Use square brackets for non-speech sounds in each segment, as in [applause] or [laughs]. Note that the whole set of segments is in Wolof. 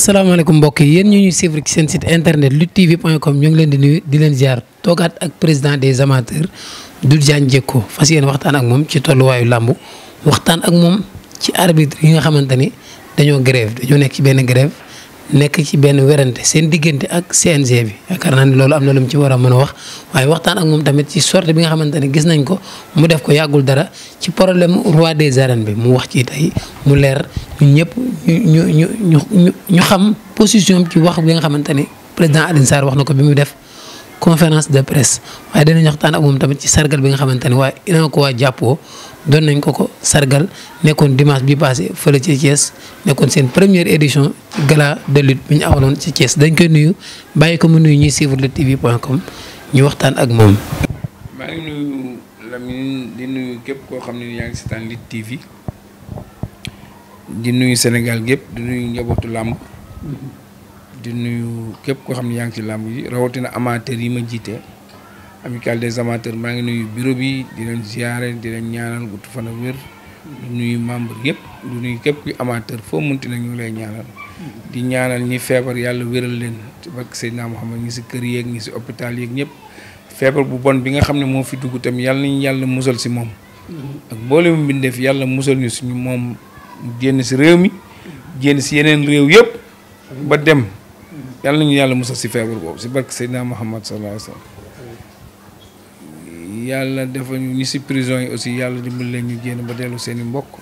salaamaaleykum mbokk yi yéen ñu ñuy suivre ci seen site tv luttetv.com ñu ngi leen di nuyu di leen ziar toogaat ak président des amateurs Doudou Diagne Diécko fas yéene waxtaan ak moom ci tolluwaayu làmb waxtaan ak moom ci arbitre yi nga xamante ni dañoo grève dañoo nekk ci benn grève nekk ci benn werante seen diggante ak CNG bi yaakaar naa ne loolu am na lu mu ci war a mën a wax waaye waxtaan ak moom tamit ci sorte bi nga xamante ne gis nañ ko mu def ko yàggul dara ci problème roi des arènes bi mu wax ci tey mu leer ñëpp ñu ñu ñu ñu ñu xam position ci wax bi nga xamante ne président Alioune Sarr wax na ko bi mu def conférence de presse waaye dinañ waxtaan ak moom tamit ci sargal bi nga xamante ne waaye ina ko waa jàppoo doon nañ ko ko sargal nekkoon dimanche bi passé fële ci Thiès nekkoon seen première édition gala de lutte bi ñu amaloon ci Thiès dañ koy nuyu bàyyi ko mu nuyu ñuy suivre Lutte TV point com ñu waxtaan ak moom. maa ngi di nuyu képp koo xam ne yaa ngi seetaan Lutte TV di nuyu Sénégal gépp di nuyu njabootu làmb di nuyu képp koo xam ne yaa ngi ci làmb yi rawatina amateur yi ma jiite. amicale des amateurs maa ngi nuyu bureau bi di leen ziare di leen ñaanal gudd fan wér du nuyu membre yëpp du nuyu képp kuy amateur foo munti na ñu lay ñaanal di ñaanal ñi feebar yàlla wéral leen ci barke Seydina Muhammad ñi si kër yeeg ñi si hôpital yeeg ñëpp feebar bu bon bi nga xam ne moo fi dugg tam yàlla nañu yàlla musal si moom ak mboolem mbindeef yàlla musal ñu suñu moom génn si réew mi génn si yeneen réew yëpp ba dem yàlla nañu yàlla musal si feebar boobu si barke Seydina Muhammad sallallahu alayhi wa yàlla defal ñu ñi si prison yi aussi yàlla dimbali leen ñu génn ba dellu seeni i mbokk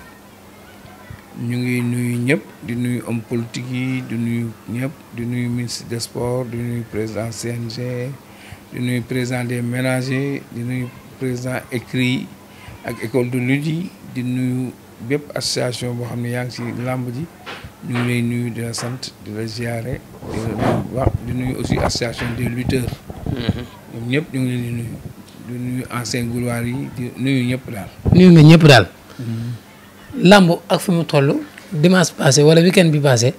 ñu ngi nuyu ñëpp di nuyu homme politique yi di nuyu ñëpp di nuyu ministre des sports di nuyu président CNG di nuyu président des ménagers di nuyu président écrit ak école du lutte yi di nuyu bépp association boo xam ne yaa ngi si làmb ji ñu ngi lay nuyu di la sant di la ziare di wax di nuyu aussi association des lutteurs mm-hmm. ñoom ñëpp ñu ngi leen di nuyu du nuyu ancien gloire yi di nuyu ñëpp daal. nuyu nga ñëpp daal. Mm-hmm. làmb ak fi mu toll dimanche passe wala weekend bi passé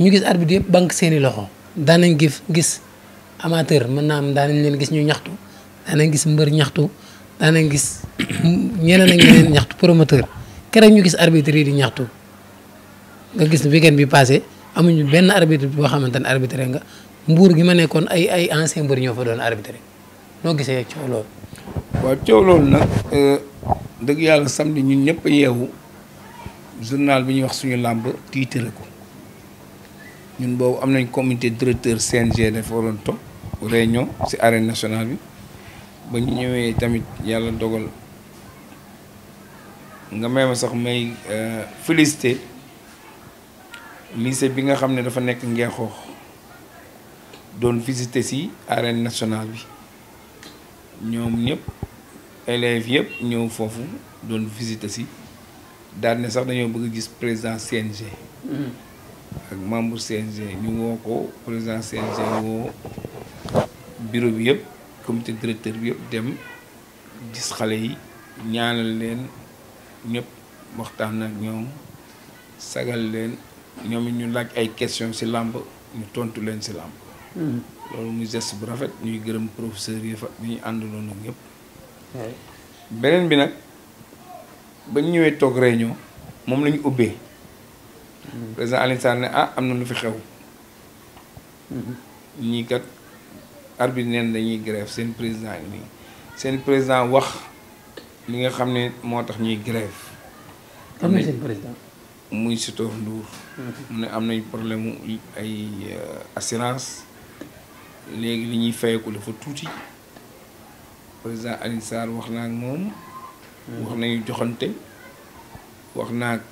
ñu gis arbitre yëpp bank seeni loxo daan nañ gis gis amateur mën naa am daan nañ leen gis ñu ñaxtu daan gis mbër ñaxtu daan gis [coughs] ñeneen ak ñeneen ñaxtu promoteur keroog ñu gis arbitre yi di ñaxtu nga gis weekend bi passé amuñu benn arbitre boo xamante ne arbitre nga mbuur gi ma nekkoon ay ay ancien mbër ñoo fa doon arbitre. noo gisee coow loolu. waa coow loolu nag euh, dëgg yàlla samedi ñun ñëpp yeewu journal bi ñuy wax suñu làmb tiitale ko ñun boobu am nañ comité directeur CNG dafa waroon toog réunion ci arène nationale bi ba ñu ñëwee tamit yàlla dogal nga may ma sax may euh, félicité lycée bi nga xam ne dafa nekk Ngeexoox doon visité ci arène nationale bi. ñoom ñëpp élèves yëpp ñëw foofu doon visite si daal sax dañoo bëgg gis président CNG. Hmm. ak membre CNG ñu woo ko président CNG woo bureau bi yëpp comité directeur bi yëpp dem gis xale yi ñaanal leen ñëpp waxtaan ak ñoom sagal leen ñoom ñu laaj ay question ci làmp ñu tontu leen ci làmb. Hmm. loolu muy geste bu rafet ñuy gërëm professeur yi fa ñu àndaloon ak ñëpp. beneen bi nag ba ñu ñëwee toog réunion moom la ñu ubbee. Mm-hmm. président Alioune ne ah am na lu fi xew. Mm-hmm. ñii kat arbitre neen dañuy grève seen président nii seen président wax li nga xam ne moo tax ñuy grève. am na seen président. muy Sitor Ndour. Mm-hmm. mu ne am nañ problème mu ay euh, assurance. léegi li ñuy fayeku dafa tuuti président Alioune Sarr wax naa ak moom. Hmm. wax nañu joxante wax naa ak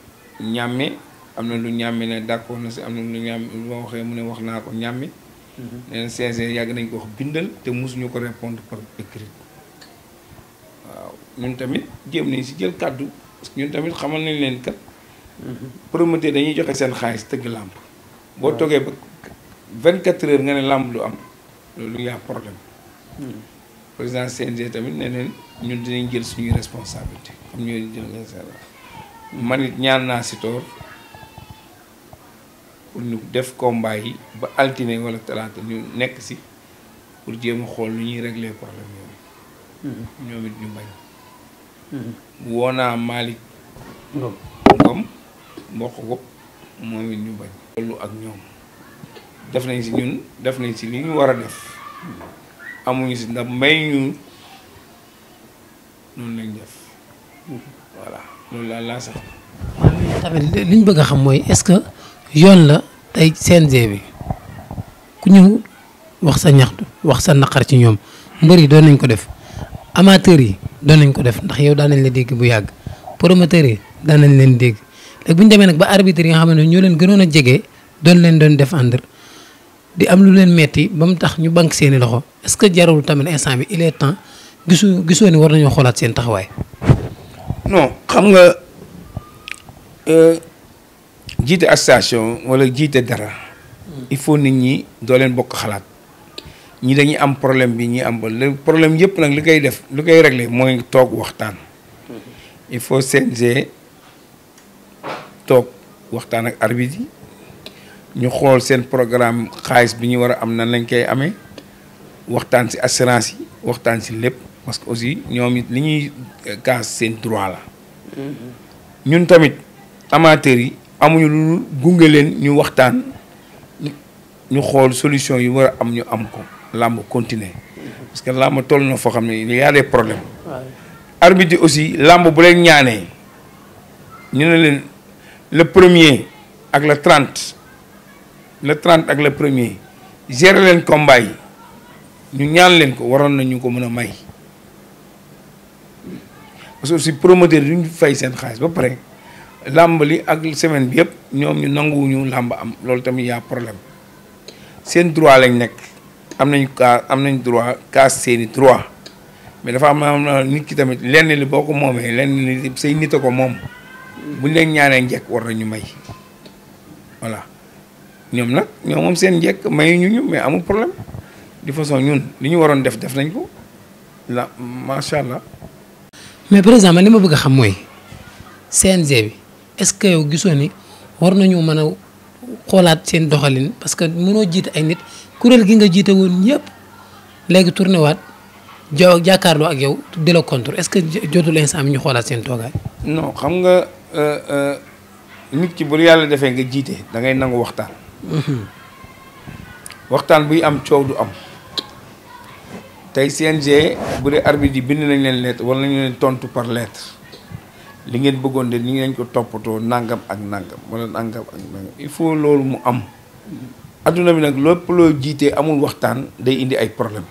ñàmme am na lu ñàmme ne d'accord na si am na lu ñàmme lu waxee mu ne wax naa ko ñàmme. Hmm. nee na yàgg nañ ko wax bindal te musuñu ko répondre par écrit waaw ñun tamit jéem nañ si jël kàddu parce que ñun tamit xamal nañ leen kat. Hmm. promoteur dañuy joxe seen xaalis tëgg làmb boo toogee ba 24 heures nga ne làmb lu am. loolu yaa problème hmm. président CNG tamit ne leen ñun dinañ jël suñuy responsabilité comme ñooy jël ngeen seen ñaan naa Sitor pour ñu def combat yi ba altine wala talaata ñu nekk si pour jéem a xool lu ñuy régler problème yooyu hmm. ñoom ñu bañ hmm. woo naa Malick Ngom Ngom mbokk ko moom it ñu bañ loolu ak ñoom def nañ si ñun def nañ si li ñu war a def amuñu si ndax may ñu noonu lañ def voilà loolu laa ñu bëgg a xam mooy est-ce que yoon la tey CNG bi ku ñëw wax sa ñaxtu wax sa naqar ci ñoom mbër yi doon nañ ko def amateurs yi doon nañ ko def ndax yow daan nañ la dégg bu yàgg promoteurs yi daan nañ leen dégg léegi bu ñu demee nag ba arbitre yi nga xam ne ñoo leen gënoon a jege doon leen doon defendre di am lu leen metti ba mu tax ñu banque seeni loxo est-ce que jarul tamit instant bi il est temps gisu gisoo ni war nañoo xoolaat seen taxawaay. non xam nga euh, jiite association walla jiite dara. Hmm. il faut nit ñi doo leen bokk xalaat. ñi dañuy am problème bi ñuy am problème yëpp nag li koy def li koy réglé mooy toog waxtaan. Hmm. il faut CNG toog waxtaan ak arbitre ñu xool seen programme xaalis bi ñu war a am na lañ koy amee waxtaan si assurance yi waxtaan si lépp parce que aussi ñoom it li ñuy kaas seen droit la mm-hmm. ñun tamit amateurs yi amuñu lu gunge leen ñu waxtaan ñu xool solution yi war a am ñu am ko làmb continuer mm-hmm. parce que làmb toll na foo xam ne il y a des problèmes arbitre aussi làmb bu leen ñaanee ñu ne leen le premier ak le trent le 30 ak le premier gérer leen combat ñu ñaan leen ko waroon nañu ko mën a may parce que aussi promoteur duñ fay seen xaalis ba pare làmb ak semaine bi yëpp ñoom ñu nanguwuñu làmb am loolu tamit yaa problème seen droit lañ nekk am nañu cas am nañ droit kaa seeni droit mais dafa am na nit ki tamit lenn li boo ko moomee lenn li say nit a ko moom buñ leen ñaanee njëkk war nañu may voilà ñoom nag ñoom seen njëkk may ñu ñu mais amul problème di façon ñun li ñu waroon def def nañ ko la macha allah. mais président man li ma bëgg a xam mooy CNG bi est-ce que yow gisoo ni war nañu mën a xoolaat seen doxalin parce que mënoo jiite ay nit kuréel gi nga jiite woon ñëpp léegi tourné waat jo jàkkaarloo ak yow di la contre ce que jotul instant bi ñu xoolaat seen toogaay. non xam nga euh, euh, nit ki bu yàlla defee nga jiite da ngay nangu waxtaan. waxtaan buy am coow du am tey CNG bu dee arbitre yi bind nañ leen lettre wala nañ leen tontu par lettre li ngeen bëggoon de ni ngeen ko toppatoo nangam ak nangam wala nangam ak nangam il faut loolu mu am adduna bi nag lépp loo jiitee amul waxtaan day indi ay problème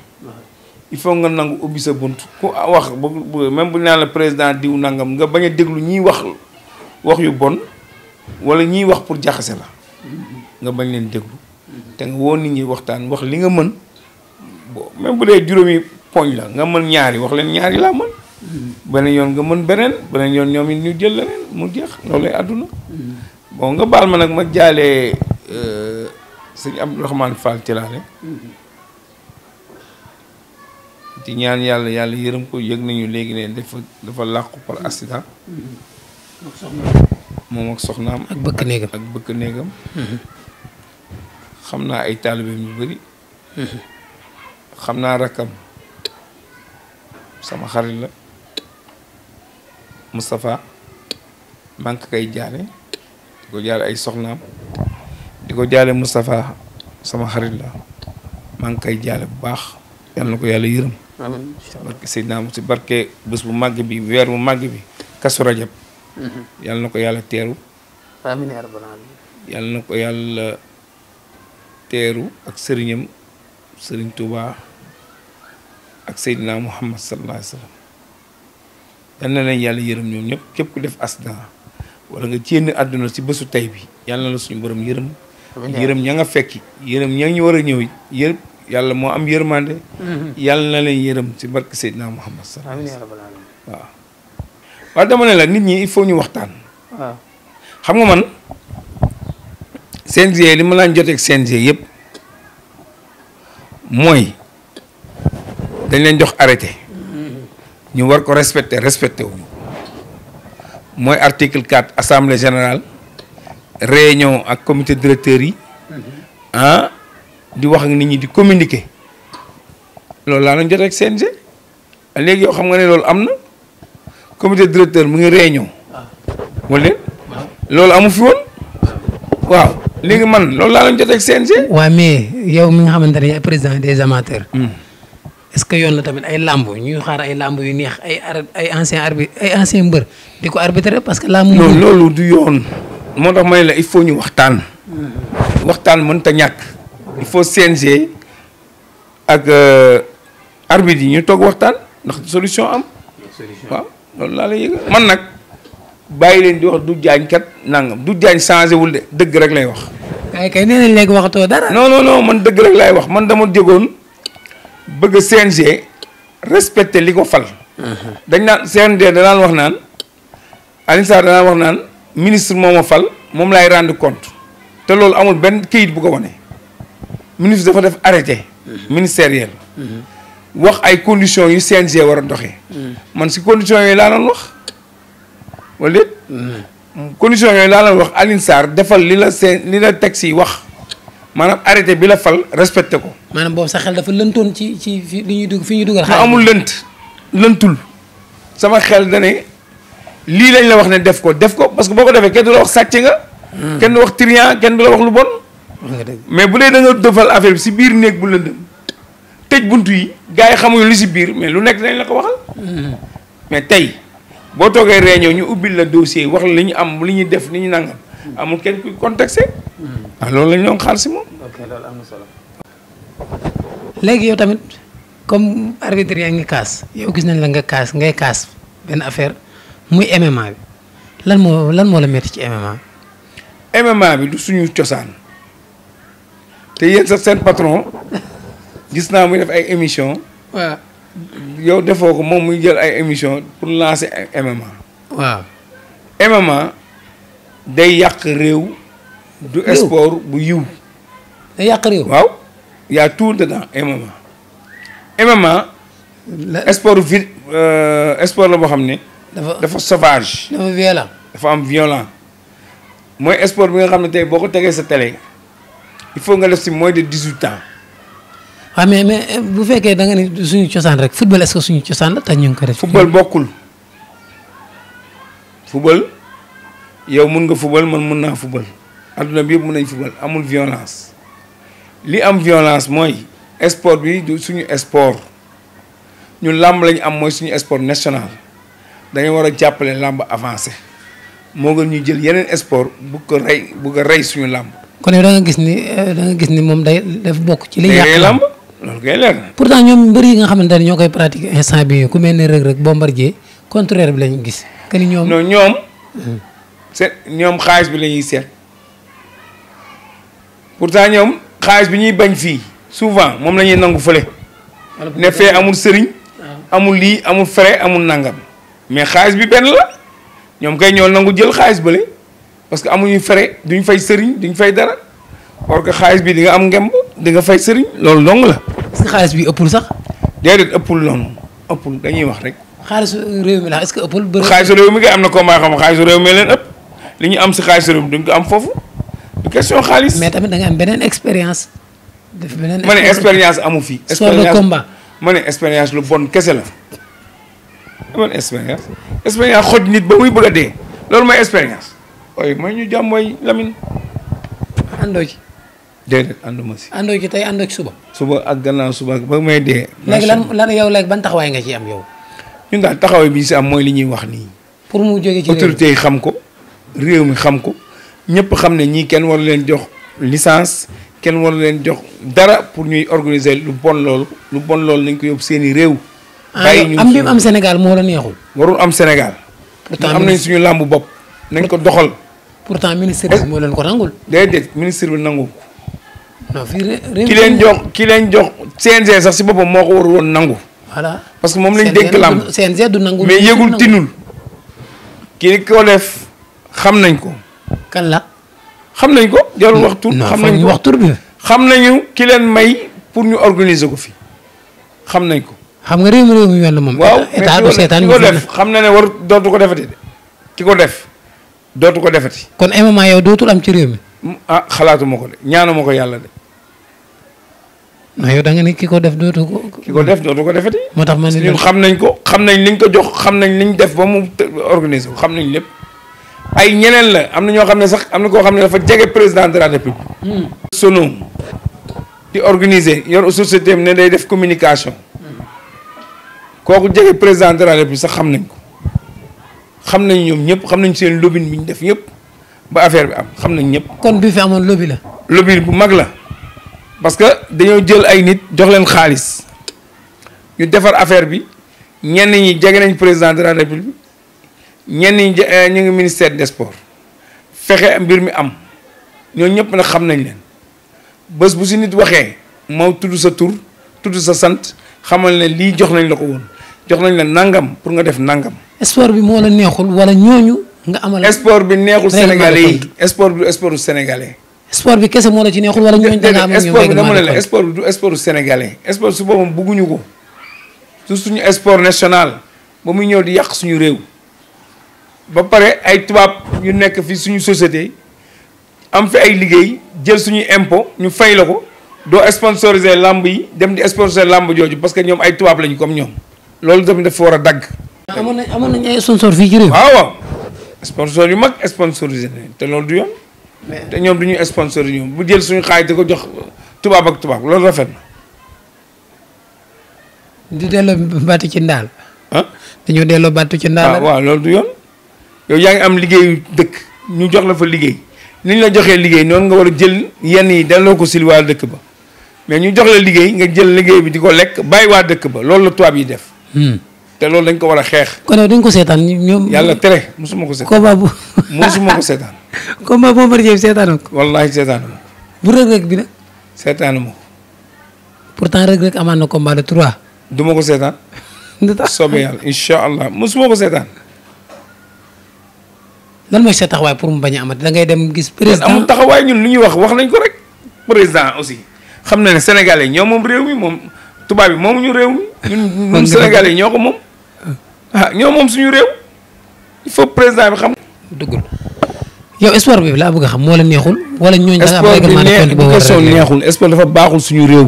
il faut nga nangu ubbi sa bunt ku wax bu même bu la président diw nangam nga bañ a déglu ñiy wax wax yu bon wala ñiy wax pour jaxase la nga bañ leen déglu te nga woo nit ñi waxtaan wax li nga mën bo même bu dee juróomi poñ la nga mën ñaari wax leen ñaari laa mën beneen yoon nga mën beneen beneen yoon ñoom it ñu jël leneen mu jeex loolu lay àdduna bon nga baal ma nag ma jaalee euh, sëñ Abdourahmane Fall Tilaale di ñaan yàlla yàlla yërëm ko yëg nañu léegi ne dafa dafa làqu par accident moom ak soxnaam ak bëkk néegam ak bëkk néegam mm-hmm. xam naa ay taalibeem mu bëri xam naa rakkam sama xarit la mustafa maa ngi koy jaale di ko ay soxnaam di ko jaale Moustapha sama xarit la maa ngi koy jaale bu baax yàlla na ko yàlla yërëm barke Seydina mu si barke bés bu màgg bi weer bu màgg bi kasu rajab mhm. yàlla na ko yàlla teeru yàlla na ko yàlla teeru ak sëriñam sëriñ Touba ak Seydina Muhammad sallallahu alayhi wa sallam yal na leen yàlla yërëm ñoom ñëpp képp def asda wala nga jénn àdduna si bësu tey bi yàlla la suñu borom yërëm yërëm ña nga fekki yërëm ña ñu war a ñëw yërëm yàlla moo am yërmande mm-hmm. yàlla na leen yërëm si barke Seydina Muhammad sallallahu alayhi ne la nit ñi il ñu waxtaan xam nga man CNG li ma laan joteeg CNG yëpp mooy dañ leen jox arrêté ñu war ko respecté respecté wuñu mooy article 4 assemblée général réunion ak comité directeur yi mhm. ah di wax ak nit ñi di communiquer loolu laa leen joteeg CNG léegi yow xam nga ne loolu am na comité directeur mu ngi réunion ah. wala loolu amu fi woon waaw léegi man loolu laa leen jot ak CNG. waaw mais yow mi nga xamante ne yaay président des amateurs. Hmm. est-ce que yoon la tamit ay làmb ñuy xaar ay làmb yu neex ay ay ancien arbitre ay ancien mbër di ko arbitrer parce que. làmb non loolu du yoon. moo tax may la il faut ñu waxtaan. waxtaan mënta ñàkk. il faut CNG ak euh, arbitre yi ñu toog waxtaan ndax solution am. loolu laa lay yëg man nag. bàyyi leen di wax du jaañ kat nangam du jaañ changé wul de dëgg rek lay wax. kay kay nee nañ léegi waxatoo dara. non non man dëgg rek lay wax man dama jógoon bëgg CNG respecté li ko fal. dañ naan CNG danaan wax naan Alioune Sarr danaan wax naan ministre moo ma fal moom laay rendre compte te loolu amul benn këyit bu ko wane. ministre dafa def arrêté. ministériel. Mhm. wax ay conditions yu CNG war a doxee. Mhm. man si conditions yooyu laa doon wax. wala déet condition yooyu laa leen wax alin Sarr defal li la seen li la texte yi wax maanaam arrêté bi la fal respecté ko. maanaam boobu sa xel dafa lëntoon ci ci fi ñuy dugg fi ñuy dugal. xaalis amul lënt lëntul sama xel da lii lañ la wax ne def ko def ko parce que boo ko defee kenn du nga. Hmm. kenn wax trian kenn du lu bon. mais bu dee da nga defal affaire bi si biir néeg bu lëndëm tëj bunt yi gars yi xamuñu li si biir mais lu nekk dañ la ko waxal. Hmm. mais tey. boo toogee réunion ñu ubbil la dossier wax la li ñu am li ñu def li ñu nangam amul kenn kuy contexté hmm. la ñu si moom. loolu am na solo. léegi yow tamit comme arbitre yaa ngi kaas yow gis nañ la nga kaas ngay kaas benn affaire muy MMA bi lan moo lan moo la metti ci MMA. MMA bi suñu cosaan te yéen sax seen patron gis naa muy def ay émission yow defoo ko moom muy jël ay émission pour lancer MMA. waaw MMA day yàq réew. du sport bu yiw. day yàq réew waaw. MMA. MMA. sport vi euh, sport la boo xam ne. dafa dafa sauvage. dafa dafa am violent. mooy sport bi nga xam ne tey boo ko tegee sa télé il faut nga def si moins de dix-huit ans. amee mais eh, bu fekkee da nga suñu cosaan rek football est suñu cosaan la te ñu ngi ko def. football bokkul football yow mun nga football man mun naa football adduna bi yëpp mun nañ football amul violence li am violence mooy sport bi suñu sport ñu làmb lañu am mooy suñu sport national dañu war a jàppale làmb avancé moo gën ñu jël yeneen sport bu ko rey bu rey suñu làmb. kon yow da eh, gis ni moom day daf bokk ci li. làmb loolu kay leer na. pourtant ñoom mbër yi nga xamante ne ñoo koy pratiquer instant bi ku mel ne Reug Reug Bombardier contraire bi lañu gis. que ni ñoom non ñoom. Hmm. seet xaalis bi lañuy ñuy seet pourtant ñoom xaalis bi ñuy bañ fii souvent moom la ñuy nangu fële. ne fee amul sëriñ. amul lii amul frais amul nangam. mais xaalis bi benn la ñoom kay ñoo nangu jël xaalis bële parce que amuñu frais duñ fay sëriñ duñ fay dara or que xaalis bi di nga am ngemb. di nga fay sëriñ loolu dong la. est-ce xaalis bi ëppul sax. déedéet ëppul noonu ëppul dañuy wax rek. xaalisu réew que ëppul bëri. xaalisu réew am na ko maa xam xaalisu réew mi leen ëpp ñu am si xaalisu réew mi duñ ko am foofu du question xaalis. tamit da nga am beneen expérience. def beneen ma ne amu fi. expérience ma ne expérience lu bon kese la. ma ne expérience expérience loolu mooy expérience. ooy mooy ñu jàmm mooy Lamine. déedéet ànduma si. àndoo ci tey àndoo ci suba. suba ak gannaaw suba ba may dee. léegi lan lan yow léegi ban taxawaay nga ci am yow. ñun daal taxawaay bi si am mooy li ñuy wax nii. pour mu jógee ci autorité yi xam ko réew mi xam ko ñëpp xam ne ñii kenn waru leen jox licence kenn waru leen jox dara pour ñuy organiser lu bon loolu lu bon loolu nañ ko yóbbu seen i réew. Ah, bàyyi ñu am bi am Sénégal moo neexul. warul am Sénégal. pourtant am nañ suñu làmbu bopp. nañ ko doxal. pourtant ministre bi eh. moo leen ko nangul. déedéet ministre bi nangu ki leen jox ki leen jox CNG sax si boppam moo ko war woon nangu. voilà parce que moom lañu dénk làmb CNG du nangu mais yëgul tinul. kii ko xam nañ ko. kan la. xam nañ ko jarul wax tur. xam nañ ko wax xam nañu ki leen may pour ñu organiser ko fi xam nañ ko. xam nga réew mi réew mi moom. waaw état du seetaan ñu ko def xam na ne war dootu ko defati de. ki ko def dootu ko defati. kon MMA yow dootul am ci réew mi. mu ah xalaatuma ko de ñaanuma ko yàlla de. non yow da nga ni ki ko def dootu ko. ki ko def dootu ko defati. moo tax man ñun xam nañ ko xam nañ liñ ko jox xam nañ liñ def ba mu organisé xam nañ lépp. ay ñeneen la am na ñoo xam ne sax am na koo xam ne dafa jege président de la république. Hmm. sono di organiser yor société am ne day def communication. kooku jege président de la république sax xam nañ ko. xam nañ ñoom ñëpp xam nañ seen lobin bi ñu def yëpp. ba affaire bi am xam nañ ñëpp. kon bi fi amoon lobby la. lobby bu mag la parce que dañoo jël ay nit jox leen xaalis ñu defar affaire bi ñenn ñi jege nañ président de la république ñenn ñi eh, ñu ngi ministère de sports fexe mbir mi am ñoo ñëpp nag xam nañ leen bés bu si nit waxee moo tudd sa tur tudd sa sant xamal ne lii jox nañ la ko woon jox nañ la nangam pour nga def nangam. sport bi moo la neexul wala ñooñu. nga amal sport bi neexul sénégalais yi sport bi sport bu sénégalais. sport bi kese moo la ci neexul wala ñooñu da nga am ñoom sport bi dama ne la sport bi du sport sénégalais sport su ko suñu sport national ba muy ñëw di yàq suñu réew. ba pare ay tubaab ñu nekk fi suñu société am fi ay liggéey jël suñu impôt ñu fay la ko doo sponsoriser làmb yi dem di sponsoriser làmb jooju parce que ñoom ay tubaab lañu comme ñoom loolu tamit dafa war a dagg. amoon nañ amoon nañ ay sponsor fii ci réew. waaw. sponsor yu mag sponsorisé nañ te loolu du yoon. te ñoom du ñu sponsorisé ñoom bu jël suñu xaalis di ko jox tubaab ak tubaab loolu rafet na. di delloo battu ci ndaal. ah dañoo delloo battu ci ndaal. waaw loolu du yoon. yow yaa ngi am liggéeyu dëkk ñu jox la fa liggéey ni ñu la joxee liggéey noonu nga war a jël yenn yi delloo ko si waa dëkk ba mais ñu jox la liggéey nga jël liggéey bi di ko lekk bàyyi waa dëkk ba loolu la tubaab yi def. Hmm. te loolu dañ ko war a xeex. kon duñ ko seetaan ñoom. yàlla tere mosuma ko seetaan. combat bu mosuma ko seetaan. [laughs] combat Bombardier bi seetaanoo ko. wallaahi seetaanu ma. bu Reug Reug bi nag. seetaanu ma. pourtant na combat de trois. du ma ko seetaan. du [laughs] tax soobee yàlla incha allah ko seetaan. lan mooy sa taxawaay pour mu bañ a amati da ngay dem gis. président amul taxawaay ñun lu ñuy wax wax nañ ko rek. président aussi xam na ne sénégalais ñoo moom réew mi moom tubaab bi moomuñu réew mi. ñun ñun [laughs] ñoo ko moom. ah ñoo moom suñu réew il faut président bi xam. dëggul yow sport bi laa bëgg a xam moo la neexul. wala ñooñu da nga am règlement de compte boo war a sport bi neexul sport dafa baaxul suñu réew.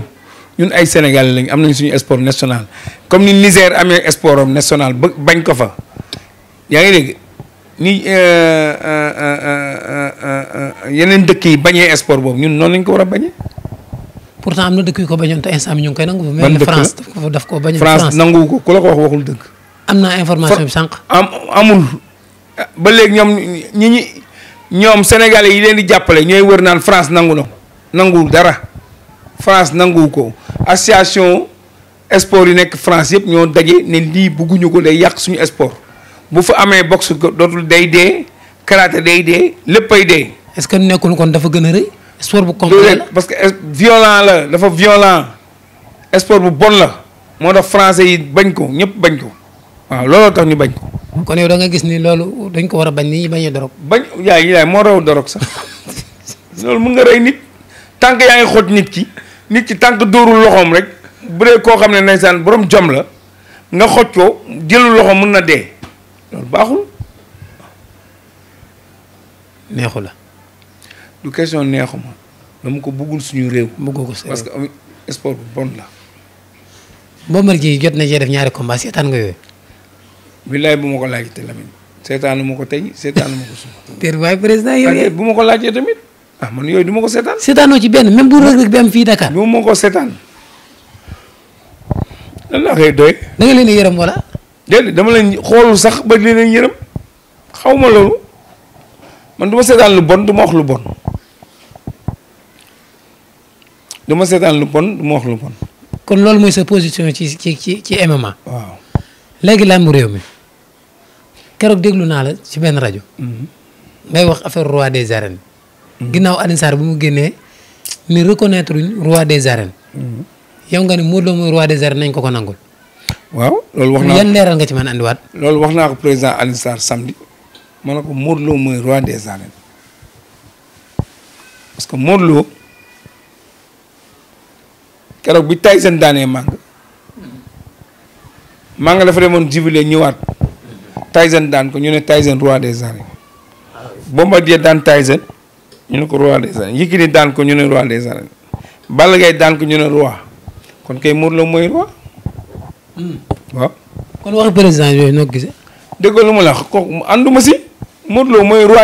ñun ay sénégal lañ am nañ suñu sport national comme ni Niger amee sport national ba bañ ko fa yaa ngi dégg ni euh, euh, euh, yeneen dëkk yi bañee sport boobu ñun noonu lañ ko war a bañee. pourtant am na dëkk yu ko bañoon te instant ñu ngi koy nangu. ban dëkk la France daf ko bañ. France nanguwu ko ku la ko wax waxul dëkk am naa information bi sànq. am amul ba léegi ñoom ñi ñi ñoom sénégalais yi leen di jàppale ñooy wër naan France nangu na nanguwul dara France nanguwu ko association sport yu nekk France yëpp ñoo daje ne lii bugguñu ko day yàq suñu sport bu fa amee boxe dootul day dee karaté day dee léppay dee. est-ce que nekkul kon dafa gën a rëy. sport bu complet la parce que violent la dafa violent sport bu bon la moo tax français yi bañ ko ñëpp bañ ko. waaw looloo tax ñu bañ ko. kon yow da nga gis ni loolu dañ ko war a bañ ni ñuy bañee dorog. bañ yaay yaay moo raw dorog sax [laughs] loolu mun nga rey nit tànk yaa ngi xoj nit ki nit ki tànk dóorul loxoom rek bu dee koo xam ne ndeysaan borom jom la nga xot ko jëlul loxoom mun na dee loolu baaxul. neexu la. du question neexu ma dama ko buggul suñu réew. bëggoo ko parce que sport bu bon la. Bombardier jot na cee def ñaari combat seetaan nga yooyu. billaay bu ma ko laaj te Lamine seetaanu ma ko tey seetaanu ma ko suba. [laughs] tey waaye président yow bu ma ko laajee tamit ah man yooyu du ko seetaan. seetaanoo ci benn même bu rëg rëg bi am fii Dakar. du lan laa koy doy. da leen di yërëm wala. déedéet dama leen xool sax ba leen leen yërëm xaw ma loolu man du ma seetaan lu bon du ma wax lu bon. kon loolu mooy sa position ci ci ci ci MMA. waaw léegi làmb réew mi. keroog déglu naa la ci benn rajo. Mhm. ngay wax affaire roi des arènes. Mhm. ginnaaw Alioune Sarr bu mu génnee ni reconnaître roi des arènes. Mhm. yow nga ni Modou Lo mooy roi des arènes nañ ko ko nangul. waaw loolu wax naa yan nga ci mën a loolu wax naa ko président Alioune Sarr samedi ma ne ko Modou Lo mooy roi des arènes parce que Modou Lo keroog bi Tyson daanee màng màng dafa demoon jubilé ñëwaat. Tyson daan ko ñu ne Tyson roi des arènes Bombardier daan Tyson ñu ne ko roi des arènes Yékini daan ko ñu ne roi des arènes Balla daan ko ñu ne roi kon kay Modou Lo mooy roi. Hmm. waaw. kon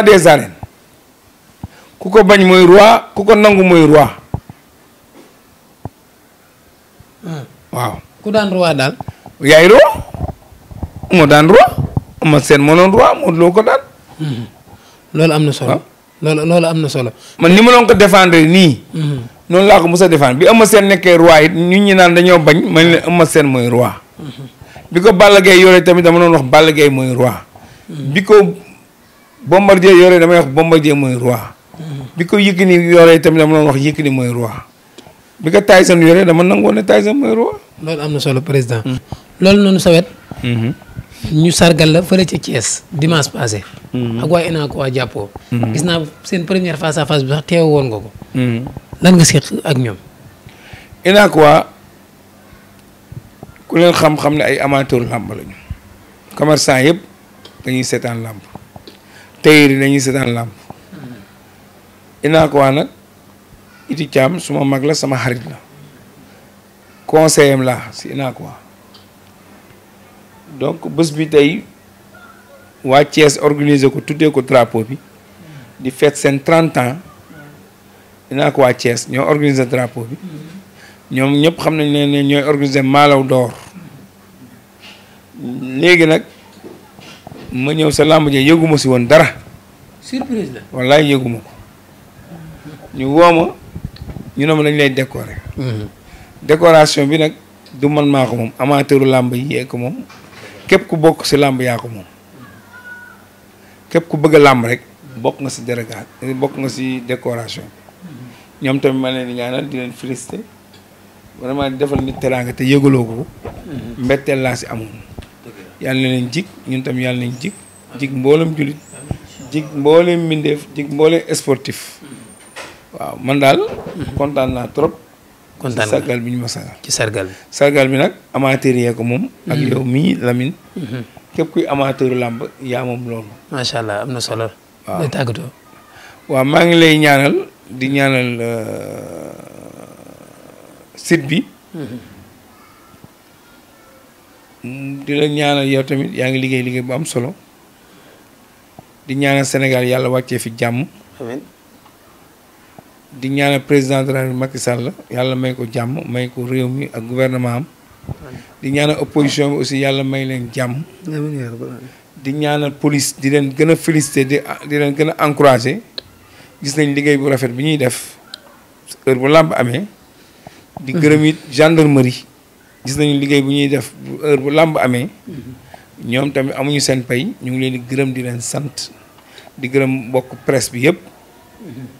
des arènes ku ko bañ mooy roi ku ko nangu mooy roi. Hmm. waaw. ku daan roi daal. yaay roi moo daan roi. Eumeu Sène moo doon roi Modou Lo ko daan. Hmm. loolu am na solo. Ah. loolu loolu am na solo. man ni ma doon ko défendre nii. Hmm. noonu laa ko mos a défendre bi Eumeu Sène nekkee roi it ñu ñi naan dañoo bañ ma ne leen Eumeu Sène mooy roi. Hmm. bi ko Balla Gaye yore tamit dama doon wax Balla Gaye mooy roi. bi ko Bombardier yore damay wax Bombardier mooy roi. bi ko Yékini yore tamit dama doon wax Yékini mooy roi. bi ko Tyson yore dama nangoon ne Tyson mooy roi. loolu am na solo président. loolu noonu sa ñu sargal la fële ca Thiès dimanche passé. Mhm. ak waa ENA ko waa jàppoo. Mhm. gis naa seen première face à face bi sax teew woon nga ko. Mhm. lan nga seq ak ñoom. ENA ko waa ku leen xam-xam ne ay amateur làmb lañu. commerçant yëpp dañuy seetaan làmb tailleur yi dañuy seetaan làmb. ENA nag iti caam suma mag la sama xarit la conseiller am laa si ENA donc bés bi tey waa Thiès organiser ko tuddee ko drapeau bi di feet seen 30 ans dinaa ko waa Thiès ñoo organiser drapeau bi ñoom ñëpp xam nañ ne ñooy organiser maalaw door léegi nag ma ñëw sa làmb ja yëguma si woon dara. surprise la ko ñu wooma ñu ne ma dañ lay décorer. Mm-hmm. décoration bi nag du man maa ko moom amateuru làmb yi yee ko moom. képp ku bokk ci làmb yaa ko moom képp ku bëgg làmb rek bokk nga si dérégation bokk nga si décoration ñoom tamit ma leen di ñaanal di leen félicité vraiment defal nit te yëgaloo ko mhm. mbetteel laa si amoon yàlla na leen ñun tam yàlla nañ jig jig mboolem jullit jig mboolem mbindeef jig mboolem sportif mhm. waaw man daal mhm. kontaan naa trop kontaan nga sargal bi ñu ma sargal. ci sargal bi sargal bi nag amateur yee ko moom. ak mm-hmm. yow mii Lamine. Mm-hmm. képp kuy amateur làmb yaa moom loolu. macha allah am na solo. waaw waaw maa ngi lay ñaanal di ñaanal euh, site bi. Mm-hmm. Mm, di la ñaanal yow tamit yaa ngi liggéey liggéey bu am solo. di ñaanal Sénégal yàlla wàccee fi jàmm. di ñaanal président de la République Macky Sall yàlla may ko jàmm may ko réew mi ak gouvernement am di ñaanal opposition bi aussi yàlla may leen jàmm di ñaanal police di leen gën a félicité di di leen gën a encouragé gis nañ liggéey bu rafet bi ñuy def heure bu làmb amee di gërëm it gendarmerie gis nañu liggéey bu ñuy def heure bu làmb amee ñoom tamit amuñu seen pay ñu ngi leen di gërëm di leen sant di gërëm mbokk press bi yëpp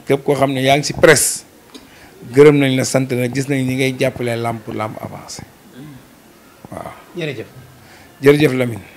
képp koo xam ne yaa ngi ci presse gërëm nañ la sant na gis nañ ñi ngay jàppale làmp pour làmp avancé waaw. jërëjëf jërëjëf Lamine.